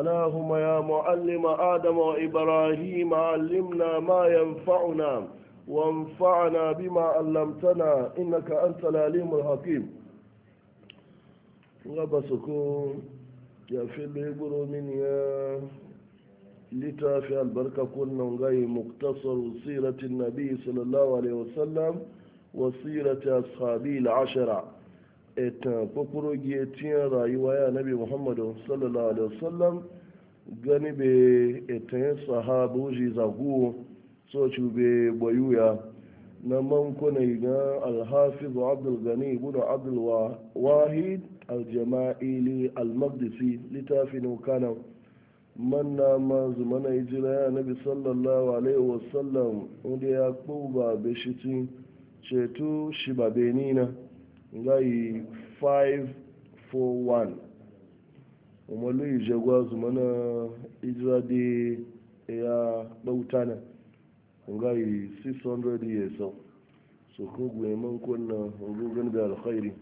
اللهم يا معلم آدم وإبراهيم علمنا ما ينفعنا وانفعنا بما علمتنا إنك أنت العليم الحكيم غبسكم يا في البر من يا لتافي البركة كنا غي مقتصر سيرة النبي صلى الله عليه وسلم وسيرة أصحابه العشرة ita fakurogi tiyan rayuwa ya nabi muhammadu sallallahu alaihi wasallam gani be ita yin sahabu ji zagu so ci be bayuya na mankunai ga alhafiz abdul gani ibn abdul wahid aljama'ili almaqdisi littafin kana manna ma zumana ijira ya nabi sallallahu alaihi wasallam wanda ya kuba be shi ceto shi babenina ngayi 541 umarnu ije gwazu mana ijira da ya bautana ngayi 600 years so kun gwaye man kunna rugun da alkhairi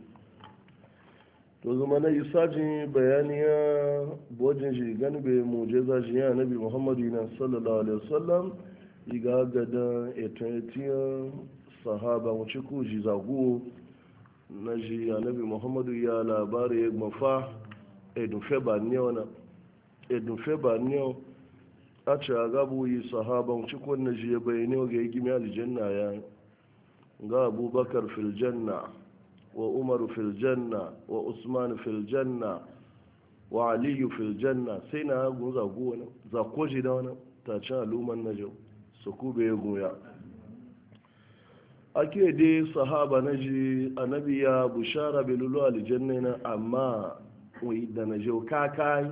to zama na bayani bayaniya bojin shi ganibe mujeza shi ya nabi muhammadu yana sallallahu alaihi wasallam iga gada etiyar sahaba wuce ku ji zagu na ji annabi muhammadu ya labari ya gbafa edunfe ba niyo na edunfe ba niyo a ce a gabu yi sahaban cikon na ji ya bayani ga yi gimi aljanna ya ga abubakar filjanna wa umaru filjanna wa usman filjanna wa aliyu filjanna sai na gun zago wani zakoji da wani ta ci aluman na jau su kube ya goya ake dai sahaba na ji annabi ya bushara belulu aljanna na amma wai da na jau kakai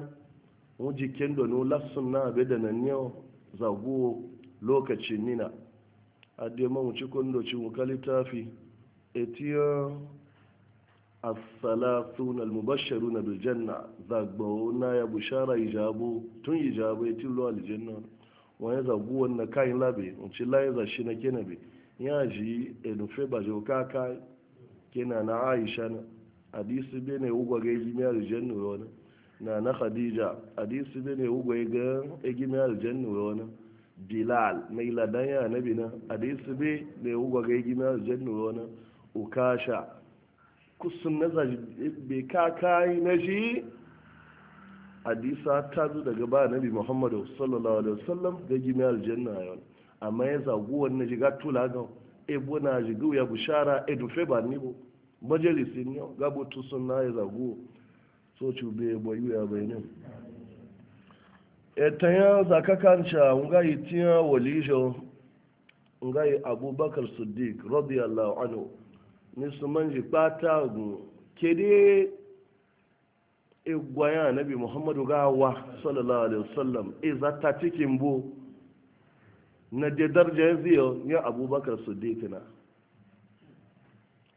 mu jikin da no lafsun na be da nan yau zago lokacin nina A ma mu cikin do ci mu kalitafi etiya as-salatun al-mubashshirun bil janna zagbo na ya bushara ijabu tun ijabu etilu aljanna wa ya zago wannan kain labe mu ci la za zashi na kenabe ya ji enufe baje jau kaka ke na aisha na hadisi be ne ugwa ga ejimi aljanna wona na na khadija hadisi be ne ugwa e ga ejimi aljanna wona bilal mai ladan ya nabi na hadisi be ne ugwa ga ejimi aljanna wona ukasha kusun na zaji be kaka na ji hadisa ta zo daga ba nabi muhammadu sallallahu alaihi wasallam ga ejimi aljanna yona amma ya zagu na jiga tula ga ebo na jigu ya bushara edufe ba ni bo majalisi ne gabo to sunna ya zaguwa so bo yu e ya bayanin etanya zakakanca nga itiya walijo nga abubakar siddiq radiyallahu anhu ni su manji kpata gu kede igwaya e nabi muhammadu gawa sallallahu alaihi wasallam e ta cikin bu na je darja ziyo ya abubakar siddiq na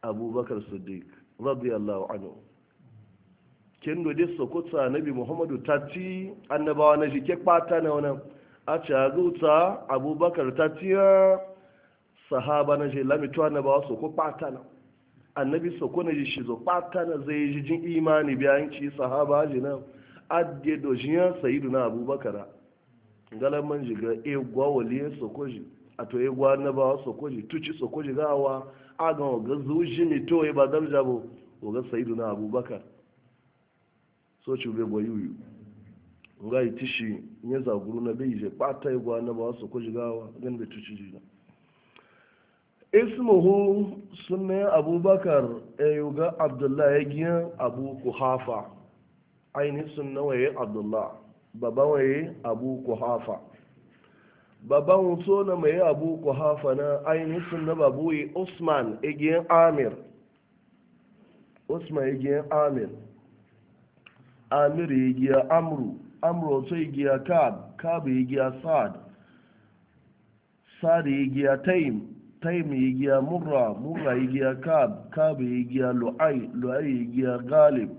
abubakar siddiq radiyallahu anhu kendo de sokota nabi muhammadu tati annabawa na jike kpata na wani a caguta abubakar ya sahaba na na lamitu annabawa soko kpata na annabi soko na ji zo kpata na zai ji jin imani bayan ci sahaba ji na adye dojiyan sayidu na abubakar galaman ga egwa waliye sokoji a to egwa bawa sokoji tuci sokoji gawa ga oga zuji mi to e ba damja bo ga saidu na abubakar so ci ube yu. nga itishi nye zaguru na bai je pata egwa annabawa sokoji gawa gan be tuci jina ismuhu sunna abubakar e ga abdullahi e giyan abu kuhafa ainihin sunna waye abdullahi babawaye abu kuhafa baban so na mai abu kuhafa na ainihin na yi usman igiyar amir usman igiyar amir amir igiyar amru amru so igiyar kab kab igiyar sad sad igiyar taim taim igiyar murra murra igiyar kab kab igiyar lu'ai lu'ai igiyar galib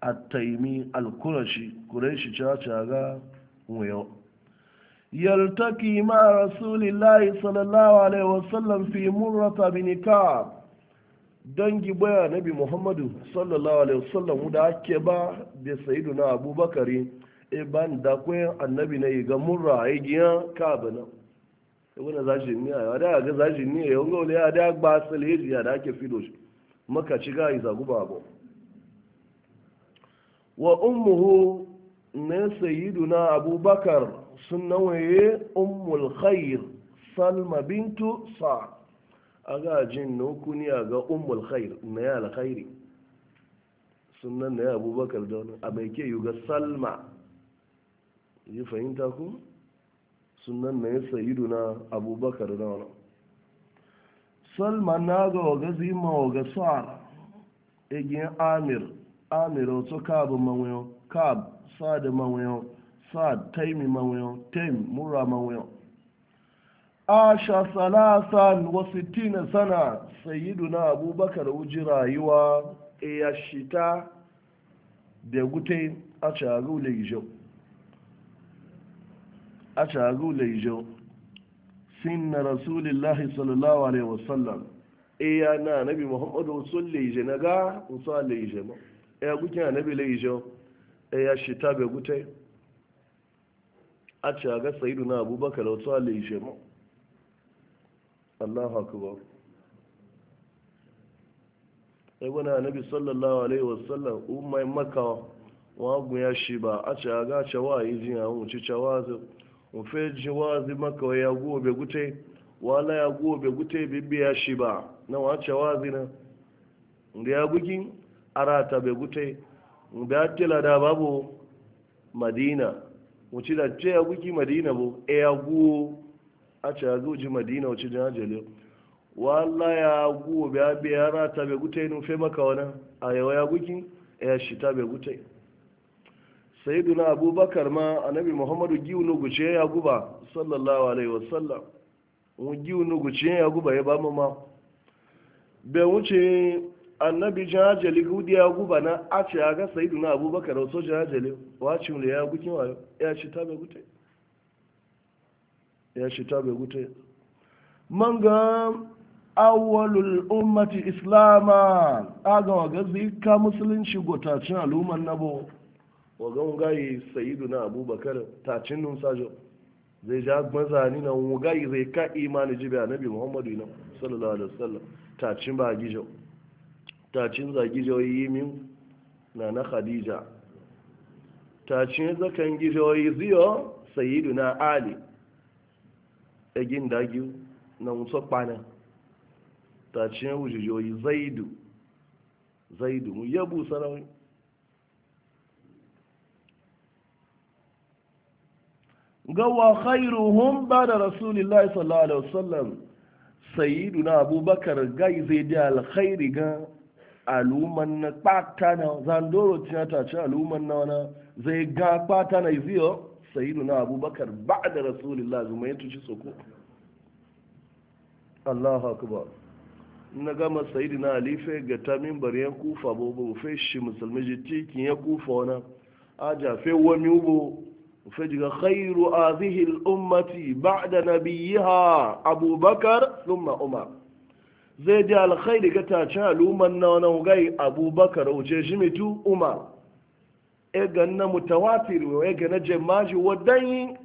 at-taimi al-qurashi kureshi caca ga wayo yartaki ma rasulillahi sallallahu alaihi wasallam fi murrata bin ka'ab dangi baya nabi muhammadu sallallahu alaihi wasallam da ake ba da sayyiduna abubakari e ban da kwayan annabi na yi ga murra a e yi giyan ka'ab na e wani zashin ni a yau da ga zashin ni e, a yau ga wani ya da ba saleji ya da ake fido shi maka ci ga yi ba. babu wa ummuhu ya sayiduna abubakar sun nawaye ummul khair salma bintu sa a gajin a ga ummul khair na ya alkhairi sunan na ya abubakar da wani a mai ke yi ga salma yi fahimta ku sunan na ya sayiduna abubakar da wani salma na ga waga zima waga sa'ar egin amir amir wato kaabu mawuyo kaabu sad manwayo sad taimi manwayo taim mura manwayo asha salasan wa sittina sana sayyiduna abubakar wuji rayuwa e ya shita da gute a cagu leijo a cagu leijo sinna rasulillahi sallallahu alaihi wasallam e ya na nabi muhammadu sun laije na ga usa laije ma e ya na nabi leijo ya shi ta bai gutai a ce ga sayidu na abubakar wato ala yi shema allahu akubar sai anabi sallallahu alaihi wasallam umar makawa wagun ya shi ba a ce ga cewa yi jin a wuce cewa zai wufe jin wazi makawa ya gobe gutai wala ya gobe gutai ya shi ba na wace wazi na da ya bugin arata bai gutai da tela da babu madina wuce da ce ya guki madina bu e ya guwo a ce ya guji madina wuce jan jale wala ya guwo biya biya rata bai gutai fe maka wani a yawa ya guki e ya shita bai gutai duna abubakar ma annabi muhammadu giwu nuguce ya guba sallallahu alaihi wasallam giwu nuguce ya guba ya ba mu ma bai wuce annabi jajali gudi ya guba na a ce ya ga sayidu na abubakar wasu jajali wacin da ya gukin wayo ya ci ta gute ya ci tabe gute man ga awwalul ummati islama a ga waga zika musulunci cin al'umman nabo waga gayi sayidu na abubakar tacin nun sajo zai ja mazani na gayi zai ka imani jibi annabi muhammadu na sallallahu alaihi wasallam ba gijau tacin zagijoyi min na na khadija tacin zakan gijoyi ziyo sayidu na ali egin dagiyu na musa kpana. tacin wujijoyi zaidu zaidu mu yabu sarawai gawa khairuhum ba da rasulillah sallallahu alaihi wasallam sayidu na abubakar gai zai da alkhairi ga aluman na kpata na zandoro ta ce aluman na wana zai ga kpata na iziyo sayidu na abubakar ba da rasulullah zuma ya tuci soko allahu akbar na gama sayidu na alife ga tamin bari ya kufa bo bo fe shi musulmi ji cikin ya kufa wana aja fe wani ubo fe jiga khairu azihi al ummati yi ha, abubakar thumma umar zai da alkhairi ga tacin al'umman na wani gai abubakar wuce shi mitu umar e ganna mutawatir wa e ganna jemaji yi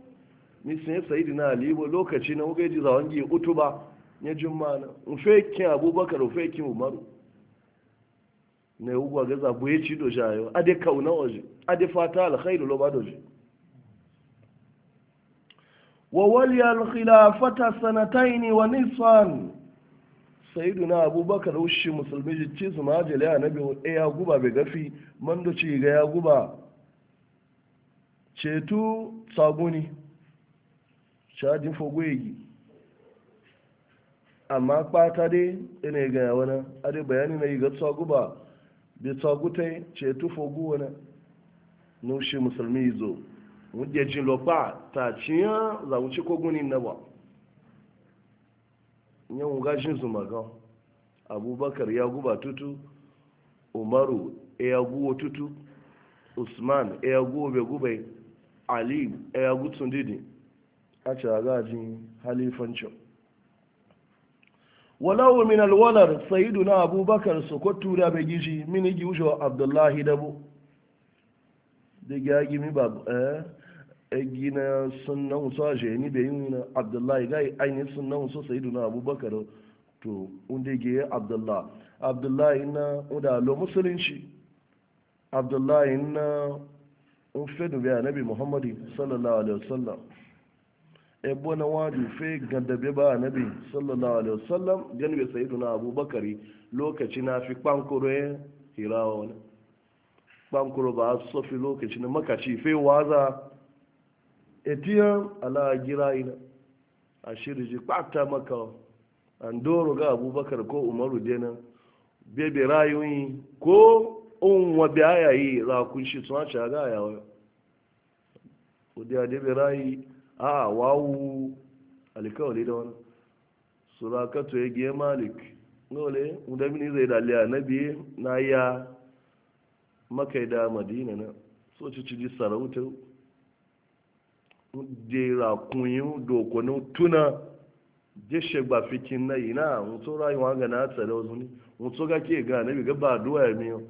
nisan ya sayi dina alibu lokaci na wuga ji zawon gi ba, ya jumma na ufekin abubakar ufekin umaru na yi ugwa ga zabu ya ci doji a yau ade kauna waje ade fata alkhairu lo ba doji wa waliyar khilafata ne wa nisan sayidu na abubakar ushi musulmi jicci su majali a nabi A eh, ya guba bai gafi man da ci ga ya guba ceto tsaguni cajin fogwegi amma kpata dai ina ga ya wani dai bayani na yi ga tsaguba bai tsagutai ceto fogu wani na ushi musulmi zo wajen jin lokpa ta ciyan zaunci kogunin na ba yan gashin su maka abubakar ya guba tutu umaru e ya guwa tutu usman e ya guwa bai guba ali e ya gutsun didi a cagajin halifancin walawo min alwalar na abubakar su sokotu da bai gishi mini wa abdullahi dabo da ya mi ba gina sunan wasu a shayani da yin na abdullahi gai ainihin sunan wasu sai duna abubakar to inda ge abdullahi abdullahi na wadda lo musulunci abdullahi na ofedu bai anabi muhammadu sallallahu alaihi wasallam ebo na wadu fe gandabe ba anabi sallallahu alaihi wasallam ganibe sai duna abubakar lokaci na fi kwankuro ya hirawa wani kwankuro ba a sofi lokaci na makaci fe waza etiyan ala gira ina a shirji kpata maka an doro ga abubakar ko umaru dena bebe rayuyi ko on wa ayayi yi rakun shi tun aci aga ya wa odi adebe rayi a wawu alikawali da wani surakato ya giye malik nole mudamini zai daliya na biye na ya makai da madina na so ci ci sarautar jera kunyin dokonin tuna jeshe ba fikin na ina mutu rayuwa ga na tsare wasu ne mutu ga ke ga anabi ga ba duwa ya miyo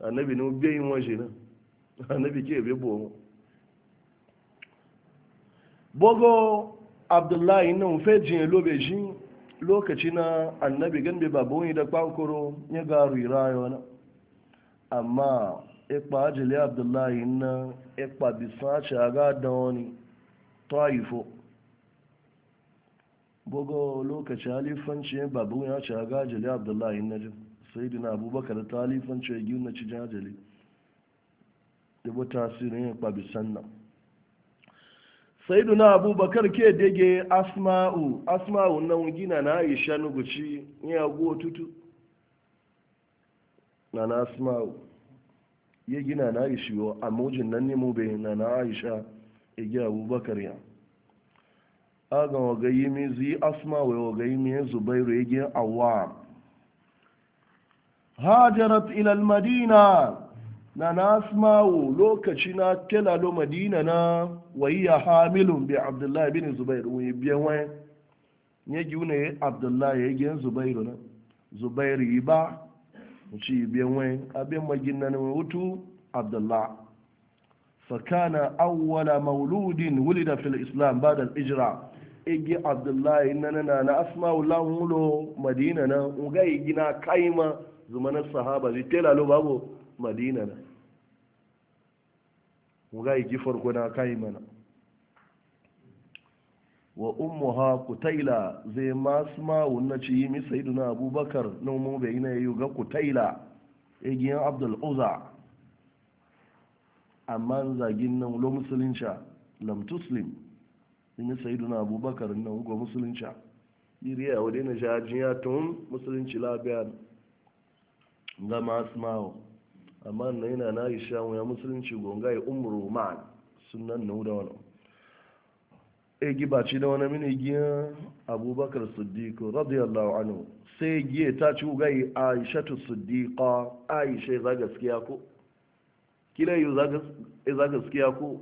anabi ne yin na anabi ke bi bo bogo abdullahi lobe shi lokaci na annabi gan babu da ya na amma abdullahi da wani taifo bugo lokaci halifanci babu ya ci agajali abdullahi najib sai dina abubakar ta halifanci ya gina ci jajali da bu tasirin ya kwabi sannan sai dina abubakar ke dege asma'u asma'u nan gina na aisha nuguci ya go tutu na na asma'u ya gina na aishiyo a mojin nan nemo bai na na aisha igi abubakar ya aga wagayi mi zi asma wai wagayi mi zubairu igi awa hajarat ilal madina na na wo lokaci na kelalo madina na ya hamilun bi abdullahi bin zubairu wani biyan wani ya gi wuna abdullahi ya gi zubairu na zubairu yi ba ci biyan wani abin magin na wutu abdullahi na awwala mauludin wulida fil islam ba'da al ijra abdullahi nanana na asma'u lahulo madina na ugai gina kaima zumana sahaba zitela lo babu madina na ugai gi farko na kaima na wa ummuha kutaila zai masma wannan ci yi mi sayyiduna abubakar na mu bai na yi ga amma zagin nan lo musulunci lam tuslim ina yi na abubakar nan ga musulunci iriya wadda na jajin ya tun musulunci labiya ga masu mawa amma na yana na isha ya musulunci gonga ya umru ma sunan na wuda wani e gibaci da wani mini giya abubakar siddiq radiyallahu anhu sai giya ta ci gai aisha siddiqa aisha za gaskiya ko kila yi za gaskiya eh, ko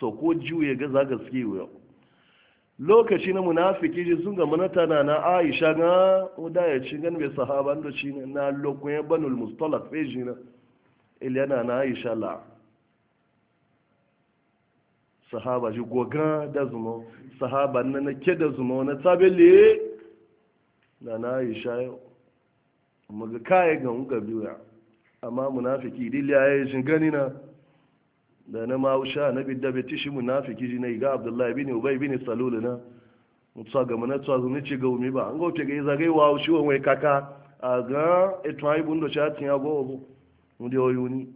soko juye ga za gaskiya lokaci na munafiki ji sun ga manata na na aisha ga da ya ci gan mai sahaban da shi na lokun ya banul mustalak feji na iliana na aisha la sahaba ji goga da zuma sahaba na na ke da zuma na tabele na na aisha yau maga kayan ga muka biyu ya amma munafiki dilya ya yi gani na da na ma'ausha na bidda bai tishi munafiki ji na iga abdullahi bin ubai bin salulu na mutuwa ga manatuwa tsawa zuni ci ga umi ba an gauke ga zagaye wa haushi wa wai kaka a ga etuwa yi bundo cha tin ya go bu mu de oyuni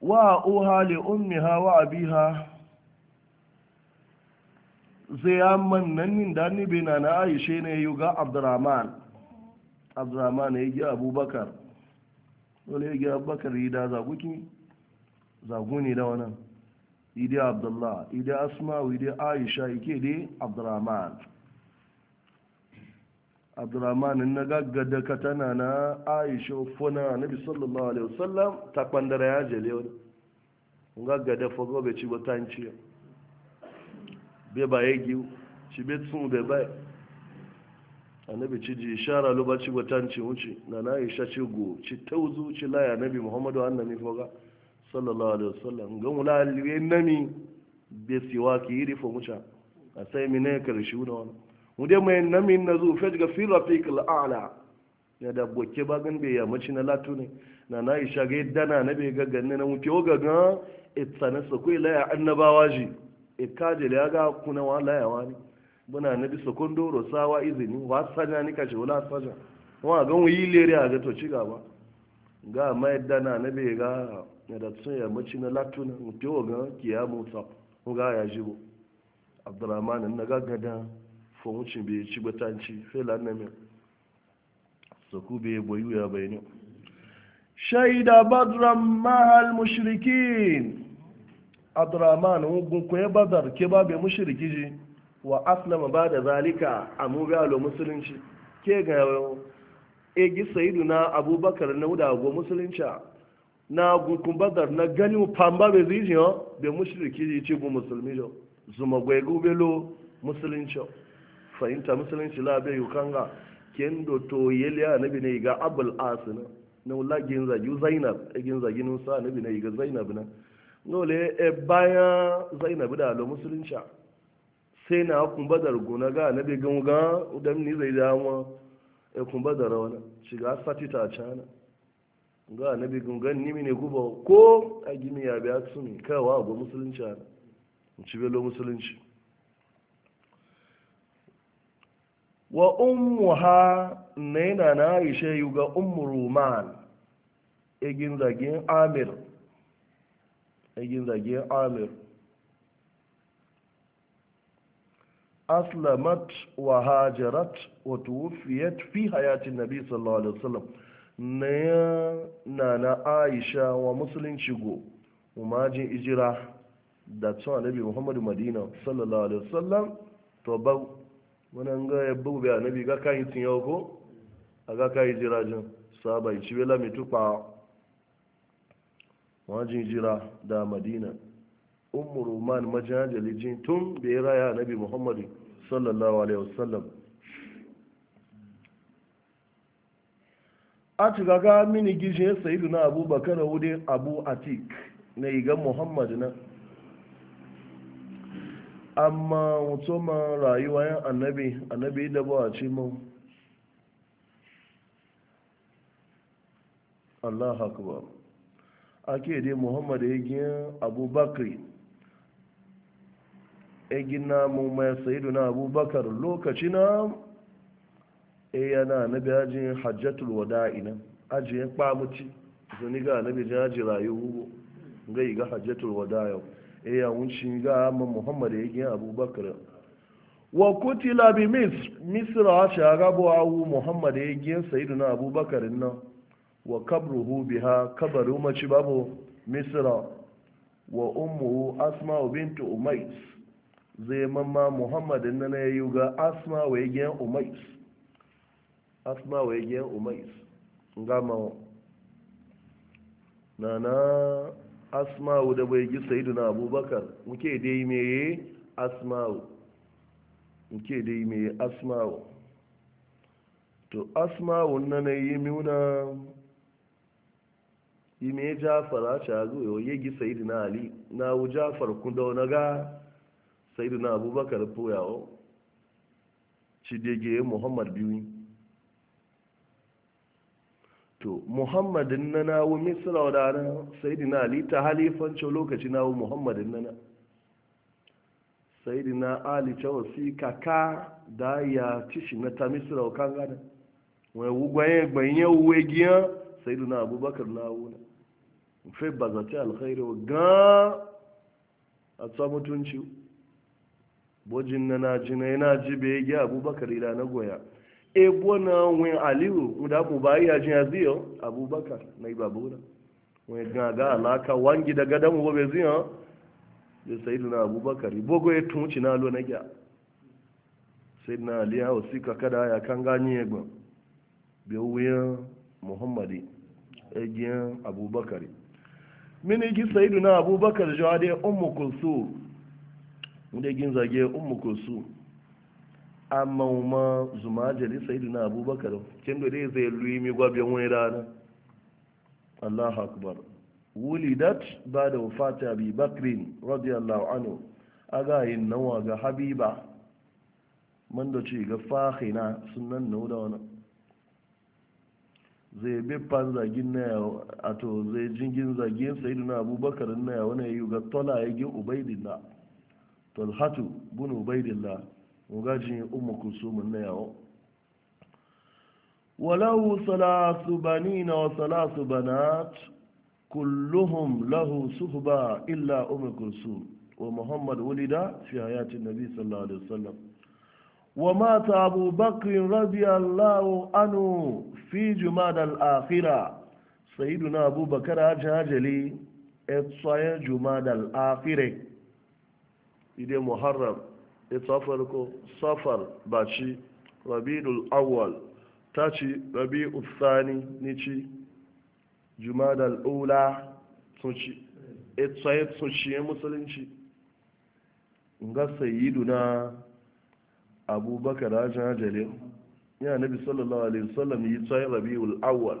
wa uha umi ha wa ha zai amman nan min da ni bina na aishe ne yuga abdurrahman abdurrahman ya gya abubakar dole ya gya abubakar yi da zaguki zagu ne da wannan ide abdullah ide asma ide aisha ike dai abdurrahman abdurrahman na gaggada katana na aisha funa na sallallahu alaihi wasallam ta kwandara ya jale wani gaggada fago bai ci batanci bai ba giwu ci bai tsun bai bai annabi ci ji shara lubaci ci wuce na na isha ci go ci ta wuzu ci laya annabi muhammadu annami foga sallallahu alaihi wasallam ga mula aliwe nami be siwa ki yi rifo muca a sai mine karshe wuna wani mu dai mai nami na zu fej ga filafik Ala, ya da boke bagan bai yammaci na latu ne na na isha ga yadda na be bai gagganne na mutu ga ga itsana e sakwai laya annabawa ji ikajil e ya ga kuna wa layawa ne buna na bisa kondoro sawa izini wa sanya ni kashe wula sanya wa ga wuyi lere a gato ci gaba ga mai dana na bai ga na da tsun ya mace na latuna mutu ga kiya mota ko ga ya jibo abdurrahman na gaggada gada mucin bai ci batanci sai lanna mai saku bai boyu ya bayani shaida badran mahal mushrikin abdurrahman gun ko ya badar ke ba be mushriki ji wa aslama ba da zalika a mugalo musulunci ke ga gi sayidu na abubakar na go musulunci na gukun badar na gani pamba be zijiyo be mushriki ci bu musulmi jo zuma gwegu belo musulunci fahimta musulunci la be yukanga kendo to a nabi ne ga abul asina na wula ginza yu zainab e ginza ginu sa annabi ne ga zainab na nole e baya zainab da lo musulunci sai na kun badar gona ga na bai gan ga udan ni zai dama e kun badar wani shiga sati ta cana ga na bai gan gan ni mine guba ko a gimi ya biya su ne kawa ga musulunci ana in ci belo musulunci wa ummuha na yana na aisha yu ga ummu ruman egin zagin amir egin zagin amir aslamat wa hajarat wa tuwfiyat fi hayatin nabi sallallahu alaihi wasallam na ya aisha wa musulunci go umajin ijira da tsohon nabi muhammadu madina sallallahu alaihi wasallam to bau wani ga ya bau bai nabi yi tiyo ko a ga kan yi jira jin saba yi ci bela mai tupa wajin jira da madina ummu roman majajali jin tun da ya raya nabi muhammadu sallallahu alaihi wasallam a ga mini gishin sayidu na abubakar wudin abu atik na igan muhammadu na amma mutumin rayuwa ya annabi annabi da ba a ce mun allah akbar ake dai muhammadu ya gina abubakar egin namu mai sayidu na abubakar lokaci na e yana na biyajin hajjatul wada'ina ajiye kpamuci zuni ga na bijin aji rayu gai ga hajjatul wada'a e ya wunci ga amma muhammad ya gina abubakar wa kutila bi mis misra a shagabu awu muhammad ya gina sayidu na abubakar nan wa kabruhu biha kabaru mace babu misra wa ummu asma bintu umais zai mamma muhammadin na ya yi ga asma wa ya gyan umais asma wa ya umais gama na na asma da bai gi sayidu na abubakar muke dai meye asma muke dai meye asma to asma wannan na yi miuna yi me jafar a shago ya gi sayidu na ali na wu jafar kun na wani ga sayyidina abubakar poyawo dege muhammad biyu to muhammadin na nawo misra wadana sayyidina ali ta halifancin lokaci nawo muhammadin na na sayyidina ali ta wasi kaka da ya shi na ta misra kan gada wani wugwaye gbanye uwe giya sayyidina abubakar nawo na fe bazata alkhairu ga a tsamutunci bojin na naji na yana ji be gi abubakar ila na goya e na nwe aliyu da mu ba ya ji aziyo abubakar na ibabura wani gaga alaka wangi daga damu bobe ziyo da sayyidina abubakar bogo ya tunci na lo na gya sayyidina ali ya osika kada ya kan ganye egba bi wuya muhammadi egiyan abubakar mini gi sayyidina abubakar jawade ummu kulsum wanda gin zage ummu kulsu amma ma zuma jali na abubakar kin da dai zai luyi mi gwabe wani rana Allahu akbar dat ba da wufata bi bakrin radiyallahu anhu ga yin nawa ga habiba man da ce ga fahina sunan nau da wani zai bi fan zagin na yawa a to zai jingin zagin na abubakar na yawa na yi ga tola ya gi ubaidina talhatu bin ubaidillah mugajin ummu kulsum na yawo walahu salasu banina wa salasu banat kulluhum lahu suhba illa ummu kulsum wa muhammad wulida fi hayati nabi sallallahu alaihi wasallam ومات أبو بكر رضي الله عنه في جماد الآخرة سيدنا أبو بكر أجهجلي إتصايا جماد الآخرة ide muharram ita farko safar ci rabi'ul awwal taci rabi'ul ni ci jumadal ula ci ita yi ci ya musulunci ga sayyiduna abubakar ajiyar ajale ya nabi sallallahu alaihi wasallam yi tsayin rabi'ul awwal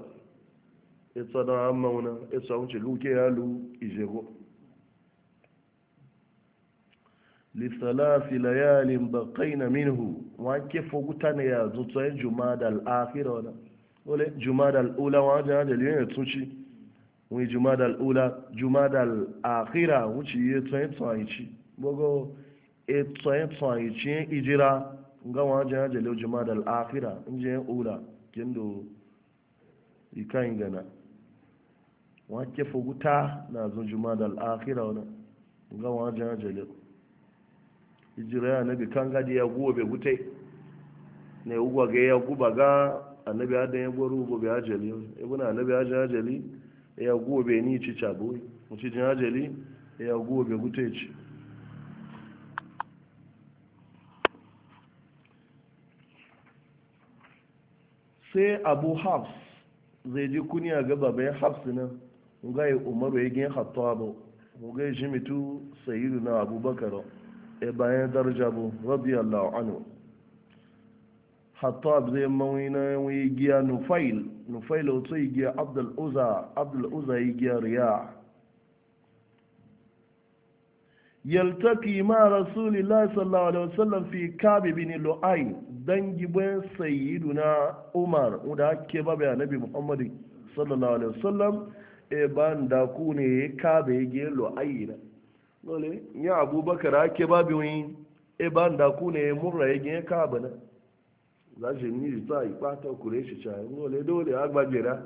ita na mauna ita wuce luke ya lu ijego lisalafi layalin baƙaina minhu wake foguta ne ya zutoyin jumada al'afira wana wale da al'ula wani jana da liyan ya tunci wani jumada al'ula jumada al'afira wuce yi tsoyin tsoyici gbogbo e tsoyin tsoyici yin ijira ga wani jana da liyan jumada al'afira in je yin ula kendo ikan gana wake foguta na zun jumada al'afira wana ga wani jana da liyan hijira ya nabi kan gadi ya gobe wutai ne ugwa ga ya guba ga annabi adan ya gwaru gobe ajali na annabi ajan ajali ya gobe ni ci cabo mu jin ajali ya gobe wutai ci sai abu hafs zai ji kuniya ga babayen hafs nan mu ga umaru ya gin hattawa ba mu ga jimitu na abubakar e bayan daraja bu radiyallahu anhu abu zai mawai na yi giya nufail nufail wato yi giya abdul'uza abdul'uza yi giya riya yaltaki ma rasulillahi sallallahu alaihi wasallam fi kabi bin don dan sayidu na umar wanda ake babu annabi muhammad sallallahu alaihi wasallam e ban da ku ne kabe gi lo'ai na lole ya abubakar ake babu wani eba da ku ne murra ya gina ka abana za shi ni za a yi ɓata kure shi ca dole a gbajera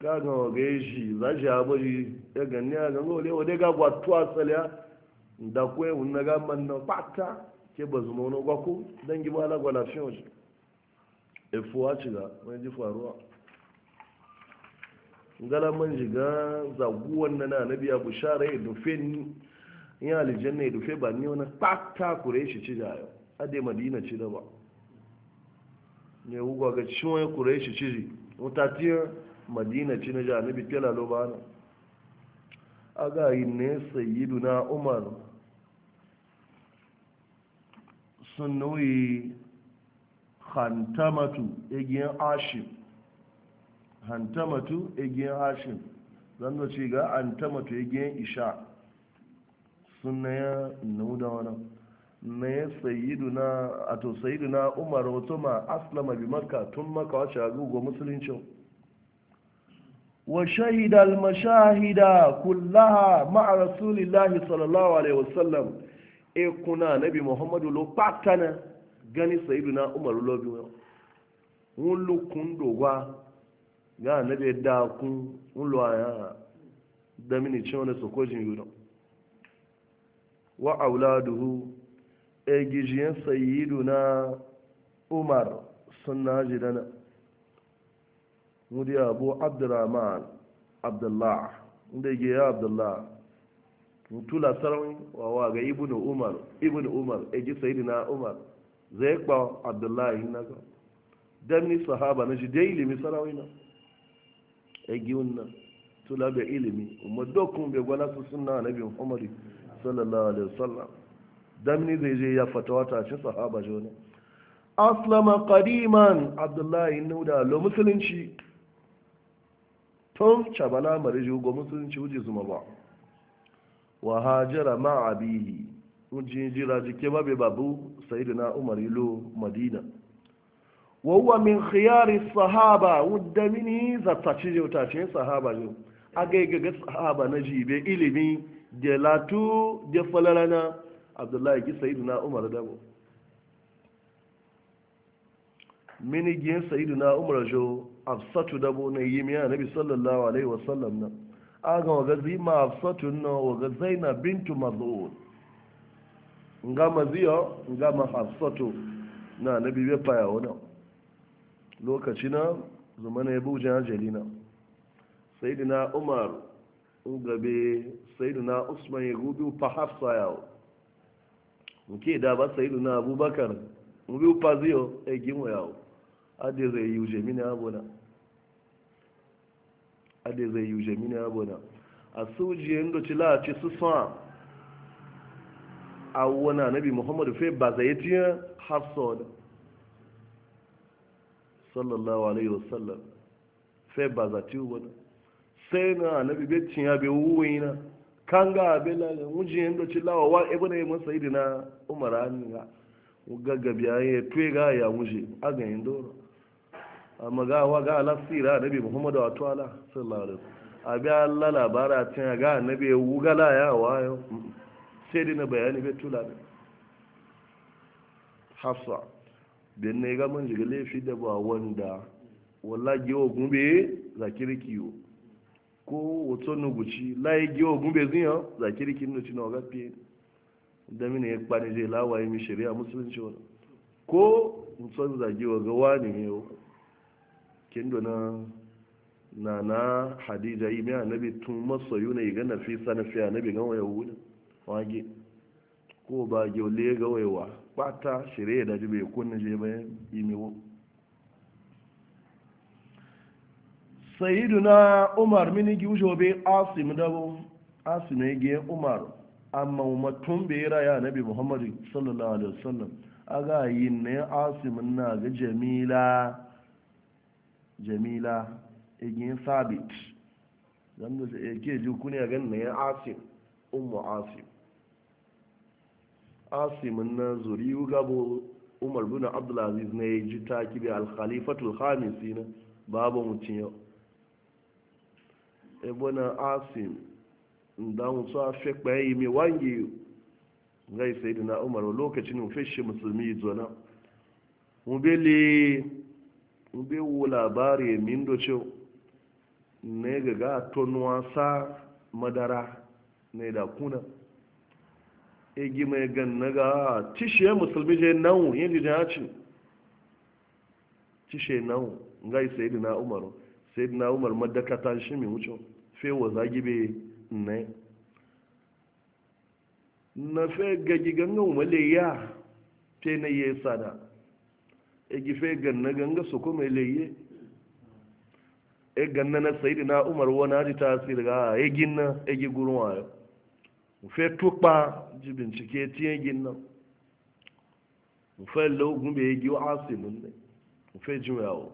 ka ga waga shi za shi abu shi ya gani a ga lole wadai ga gwatu a tsaliya da ku ga man na ɓata ke ba zuma wani gwako don gima ala gwalafin wasu e efuwa ci wani ji faruwa ngala man jiga zaguwan na nabi abu ya dufe ni in aljanna ya dufe ba ni wani kpata kure shi ci jayo ade madina ci da ba ne wugo ga ciwon ya kure shi ci ji mutatiyar madina ci na ja nabi kela lo a aga yi ne sayyiduna umar sun nuyi khantamatu egiyan ashim hantamatu egiyan hashim zan da ce ga hantamatu isha suna ya nau da wani na ya sayiduna a to sayiduna umar wato ma aslama bi maka tun maka wace agogo musuluncin wa shahida mashahida kullaha ma'a rasulillahi sallallahu alaihi wasallam e kuna nabi muhammadu lo patana gani sayiduna umar lo biyo dogwa ga annabi da kun ulo aya da mini cewa na sokojin yuro wa auladuhu e gijiyan sayyiduna umar sunna jidana mudi abu abdurrahman abdullah inda ge ya abdullah mutula sarawin wawa ga ibnu umar ibnu umar e gi na umar zai kpa abdullahi na ga dan ni sahaba na ji daily mi na. egiun na tulabe ilimi Umar, dokun be gwala su na annabi muhammad sallallahu alaihi wasallam damni zai je ya fatawa wata ci sahaba jone aslama qadiman abdullahi nuda da lo musulunci tun cabala mariji go musulunci uje zuma ba wa hajara ma abihi uje jira jike babe babu sayidina umar ilo madina wa min khiyari sahaba wadda mini zartaci ne wata ce sahaba yi a ga gaga sahaba na ji jibe ilimi da latu da na abdullahi Ki sayidu na umar da dabo mini gi sayidu na umar jo afsatu bu na yi miya nabi sallallahu alaihi wa sallam na a ga waga ma afsatu na waga zaina bintu mazuul nga maziyo nga mahafsatu na nabi bai faya wani lokaci na zuma na yabu jalina sai na umar gabe sai na usman ya gudu fa hafsa yawo nke da ba sai na abubakar mbi fa ziyo e gimo yawo ade zai yi uje mini abona ade zai yi uje mini a suje ndo su sa nabi muhammadu fe ba zai tiya hafsa sallallahu alaihi wasallam sai ba za ti wani sai na annabi becin ya bai yi na kan ga abin lalai wujin yadda ci lawa wa e na yi masa idi na umar an ga gaggabi ya yi tuwe ga ya wuce a ga yin doro amma ga wa ga alasira nabi muhammadu wa tuwala sallallahu alaihi wasallam abi allah labara tun ga annabi ya wugala ya wayo sai dina bayani bai tula da hafsa bin ne ga man jiga laifi da ba wanda wala giwa gumbe za yo ko wato nuguci layi giwa gumbe zinya za kirkin nuci na wagafi da mini ya kpani je lawaye mi shari'a musulunci wani ko mutum za giwa ga wani yau kendo na na na hadija yi mai anabi tun masoyu yi ga fi sanafi annabi ga waya wuni wage ko ba gyau le ga wayewa pata shirye da jibe kunna je bayan saidu na umar mini giwujo be asim dabo asim ege umar amma umatun be raya nabi muhammadu sallallahu alaihi wasallam aga yin ne asim na ga jamila jamila ege sabit zan da ke ji kuni a ganin ne asim ummu asim asimin na zuri gabo umar bin abdulaziz na ya ji taki da alkhalifatul khamisi na babu mutum yau ebona asim da mutu a fekpa yi mai wangi gai sai da na umar lokacin fashe musulmi zona mubele wo labari min doce ne ga ga tonuwa sa madara ne da kuna ya mai ya ganna ga tishe musulmi je nan yin jijin hacin tishe nan ngai sai umar na umar madakatan shi mai wucin fewa zagi be ne na fe gagi ganga umale ya te na yi sada e gi fe ganna ganga su kuma ilaye e ganna na sayidina umar wani ta tasiri ga e ginna e gi gurun wayo mufe tukpa ji bincike tiye gin nan mufe logun bai yi asimin ne mufe jimayawo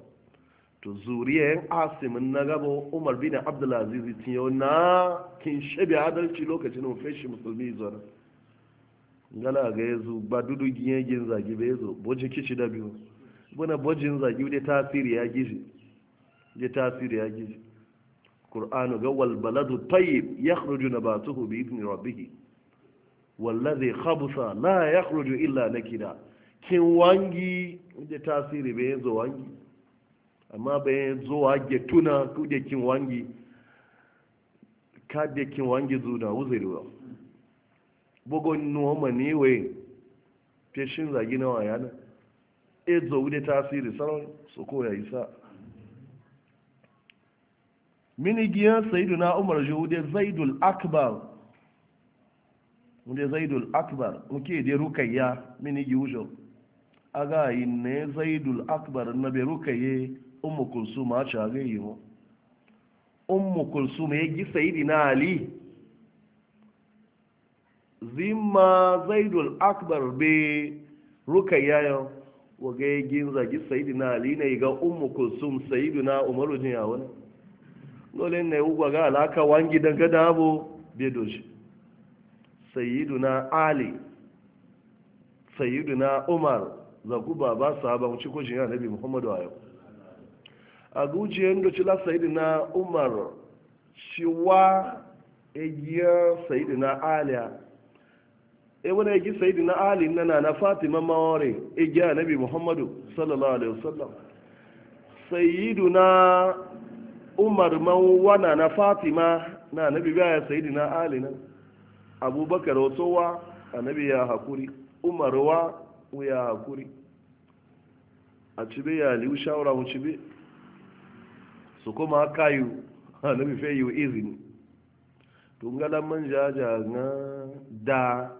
to zuriyayen asimin na gábọ̀ umar bin abdulaziz tiye na kin shabi adalci lokacin mufe shi musulmi zuwa ngana ga ya zo ba dudu giye gin zagi bai zo bojin kici da biyu buna bojin zagi da tasiri ya gizi da tasiri ya gizi القرآن قوى البلد الطيب يخرج نباته بإذن ربه والذي خبث لا يخرج na نكدا kin wangi da tasiri bai zo wangi amma bayan zo wage tuna ku kin wangi ka kin wangi zuna uzuri ba bugun noma ne we feshin zagi na wayana tasiri sarar su ko ya isa mini giyan sayyiduna umar jude zaidul akbar wunde zaidul akbar muke da rukayya mini giwujo aga yi ne zaidul akbar na be rukaye ummu kulsum a caga yi mu ummu kulsum ya gi sayyidina ali zimma zaidul akbar be rukayya yau waga ya za gi sayyidina ali ne ga ummu kulsum sayyiduna umaru jin yawon lole ne ugwa ga alaka wangi dan gada abu bai Sayidu na ali na umar zaku baba su mu ci ko nabi muhammadu ayo a gujiyar da cila na umar shiwa egiya e na aliya e wani egi na ali na na fatima mawari egiya nabi muhammadu sallallahu alaihi wasallam na. umar man wana na fatima na nabi baya sayidina ali Alina. abubakar wato wa nabi ya haƙuri umar wa ya haƙuri a cibe ya liu shawara mu cibe su kuma kayu annabi fe yi izini tungalan manja jaja na da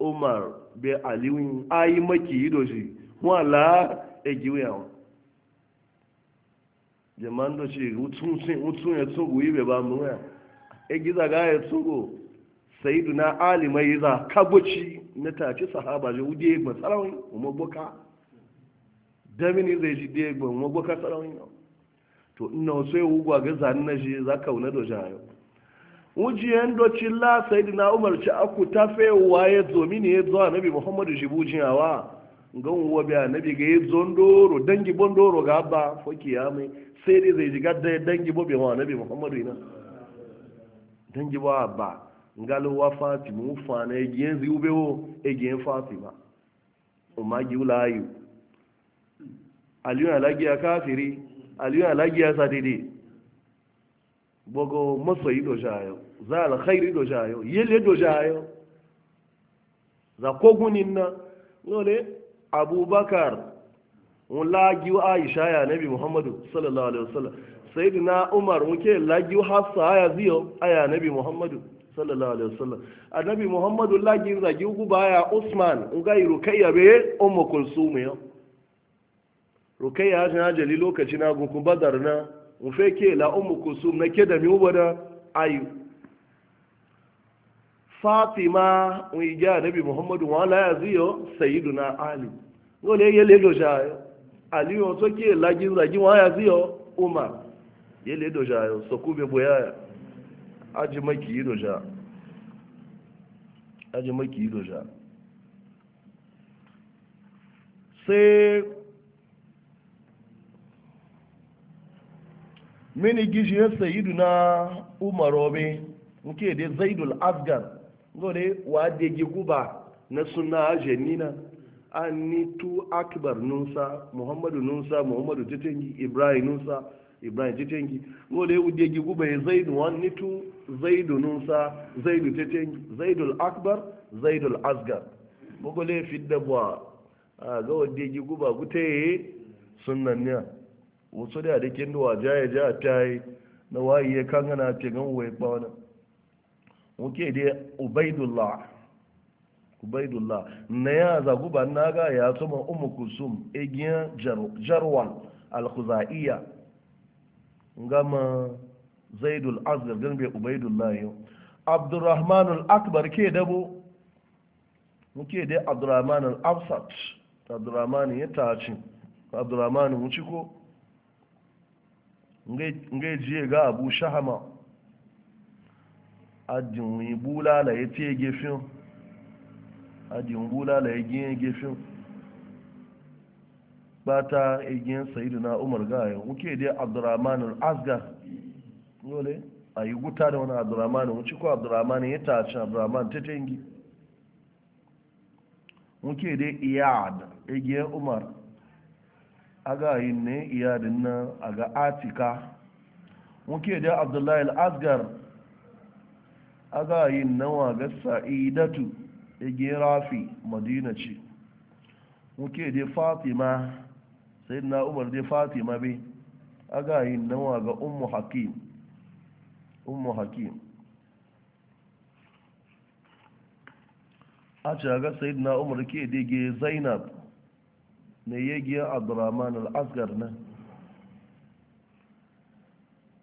umar be aliyu ayi maki yi doshi wala egiwe yawon jaman da ce utsun ya tsogo yi bai ba mu ya e giza ga ya tsogo sai duna alimai za kabuci na tace sahaba je ya gba tsarawin umaboka damini zai ji da gba umaboka tsarawin no to ina wasu ya wugwa ga zane na shi za ka wuna da jayo wujiyan docin la sai duna umarci aku ta fewa ya zo mini ya zo nabi muhammadu shi bujiyawa gan wabe annabi ga yi ndoro dangi bondoro ga ba fo ya mai sai dai zai jiga da dangi bobe wa nabi muhammadu ina dangi ba ba ngalo wa fati mu fa na egiyen zi wo egiyen fati ba o ma gi ula ayu aliyu alagi ya kafiri aliyu alagi ya sadidi bogo masoyi do jayo za alkhairi do jayo yele do jayo za kogunin na lole abubakar lagiyu aisha ya nabi muhammadu sallallahu alaihi wasallam sayyidina umar muke lagiyu hafsa ya ziyo aya nabi muhammadu sallallahu alaihi wasallam annabi muhammadu lagiyu zagiyu guba ya usman ngai rukayya be ummu kulsum ya rukayya ta jali lokaci na gunku badar na mu feke la ummu kulsum na ke da mi ubada ayu fatima wija nabi muhammadu wa la yaziyo sayyiduna ali ngole ye ledo jayo ali o to ke laji laji wa umar ye ledo jayo so kube boya aji maki yido ja aji maki mini gijiyar sayyiduna umar obe nke dai zaidul afghan gole wa dege guba na suna ajenina tu akbar nusa muhammadu nusa muhammadu titengi ibrahim nusa ibrahim titengi gole udegi guba ya zaidu wanitu zaidu nunsa zaidu titengi zaidul akbar zaidul asgar gole fi dabwa a ga wadegi guba gutaye sunan ne wasu da da kin duwa jaya jaya tayi na waye kan gana ce gan waye ba wannan wuke dai ubaidullah ubaidullah na ya zagu ba na ga ya tuma umu kusum egiyan jarwal al-khuzaiya gama zaidul Azir gan bai ubaidullah yau abdurrahman al-akbar ke dabo wuke dai abdurrahman al-absat abdurrahman ya taci abdurrahman wuci ko ngai jiye ga abu shahama ajin bulala ya fiye gefin ajin bulala ya giyan gefin bata igiyan sayidu na umar gaya wuke dai abdurrahman asga n'ole a yi guta da wani abdurrahman wuce ko abdurrahman ya tashi abdurrahman ta tengi wuke dai iyad igiyan umar aga yin ne iyadin nan aga atika wuke dai abdullahi al aga yi nawa ga sa'idatu ege rafi madina ce muke dai fatima sai na umar dai fatima bai aga yi nawa ga ummu hakim ummu hakim a ce ga sai umar ke dai ge zainab ne ya giya al-asgar nan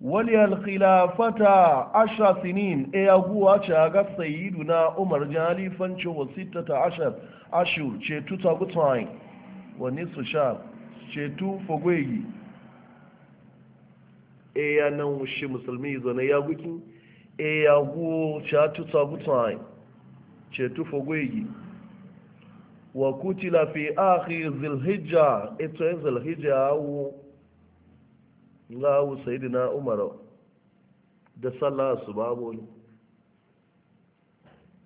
waliyar khilafata ashar sinin e yaguwa ce a ga sayiduna umar jalifancin wasita ta ashar ashur ce tuta gutain wani su sha ce tu fagwegi e ya nan shi musulmi zane ya gukin e yaguwa ce a tuta gutain ce tu fagwegi wa kutila fi ahi zilhijja ito e yin zilhijja awo lawu sayidina umar da sallah su babu ne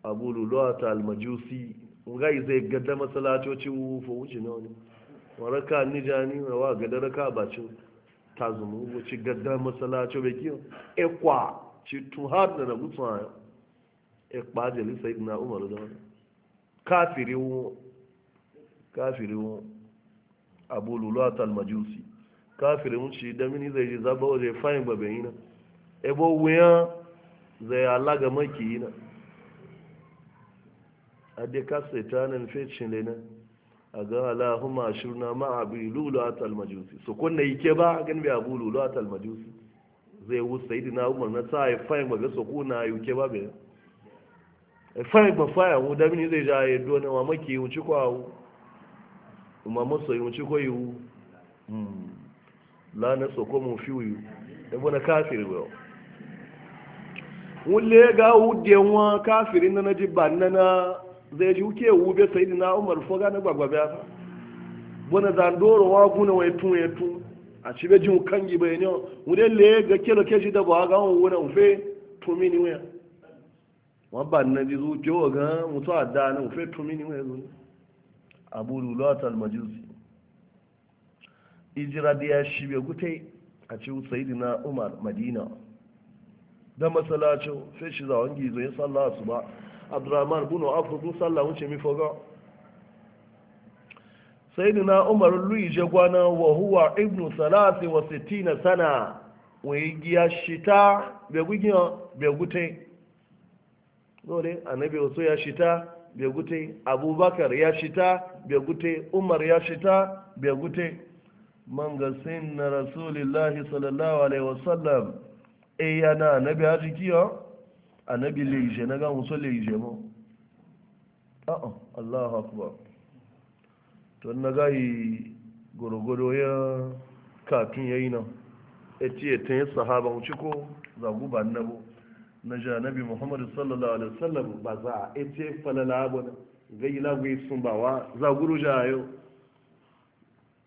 abu luluwa ta almajusi ngai zai gada masalatoci wufa wuce na wani waraka nijani rawa gada raka bacin ta zumu wuce gada masalaco bai kiyo ekwa ci tun har da na gutsun a ekpa jeli sayidina umar da wani kafiri wu kafiri abu luluwa ta almajusi kafiri wuce da mini zai ji zaba waje fayin babe yi na ebo wuya zai alaga maki yi na ade kasa ta nan fecin le na a ga alahuma shirna ma abu lulu a talmajusi so kun na ike ba a ganin bai abu lulu a talmajusi zai wuce yi na umar na sa ya fayin babe so ko yi uke ba bai ya fayin ba fayin wu da mini zai ja ya dona wa maki yi wuce kwa wu ma masa yi wuce kwa yi wu hmm. lana soko fi wuyu e na kafiri wo wulle ga wudde wa kafiri na naji bannana zai ji uke wube sayyidina umar foga na gbagbabe afa bona zandoro wa guna wa tun ya tun a cibe jin kangi bai ne wude le ga kelo keji da ba ga wona ufe tumi ni wa wa banna ji zu jo ga mutu adda na ufe tumi ni wa zo abu lulat majusi ijira da ya shibe gute a ci sayidi na umar madina da masalacin sai shi zawon gizo ya sallah su ba abdurrahman bin afruku sallah wuce mi foga sayidi na umar luyi jagwana wa huwa ibnu salasi wa sittina sana wai giya shita bai gugiya bai gute dole annabi wasu ya shita bai gute abubakar ya shita bai gute umar ya shita bai gute man ga na rasulillahi sallallahu alaihi wasallam e yana anabi a jikiyo anabi leije na gan wasu leije mu a'a allahu akbar to na gayi gwargwado ya katun yayi nan eti etin ya sahaba wuce ko zagu ba nabo na ja nabi muhammadu sallallahu alaihi wasallam ba za a eti falala abu na gayi lagwai sun ba wa zaguru ja yau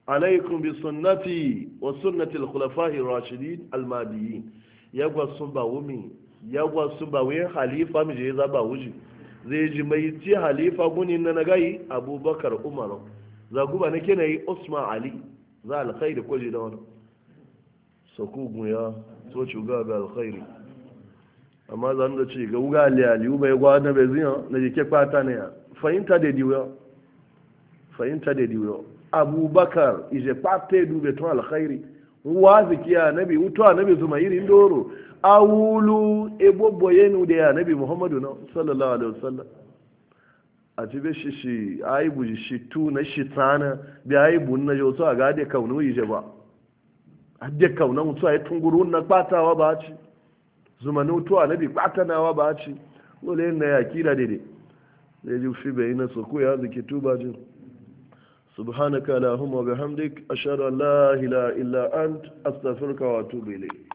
alaikum bi sunnati wa sunnati al-khulafa'i rashidin al-mahdiyin yagwa sun ba wumi yagwa sun ba wuyin halifa mu je zaba wuji zai ji mai ti halifa gunin na nagai abubakar umar za guba na kina yi usman ali za alkhairi ko ji da wani sakugun ya so ci ga ga alkhairi amma zan da ci ga wuga ali ali uba ya gwa na bezinya na jike kwata ne ya fahimta da diwa fahimta da diwa abubakar ije pate dube to alkhairi wazi kiya nabi uto nabi zumairi ndoro awulu ebobo yenu da ya nabi muhammadu na sallallahu alaihi wasallam a shishi shi shi aibu shi tu na shi tsana bi aibu na jo to aga de kaunu ije ba adde kauna uto ay tunguru na patawa ba ci zumanu to nabi patanawa ba ci wole na yakira dede zai ji fi bayyana su ko ya zaki tuba subhanaka allahumma wa bihamdik ashhadu an la ilaha illa ant astaghfiruka wa atubu ilayk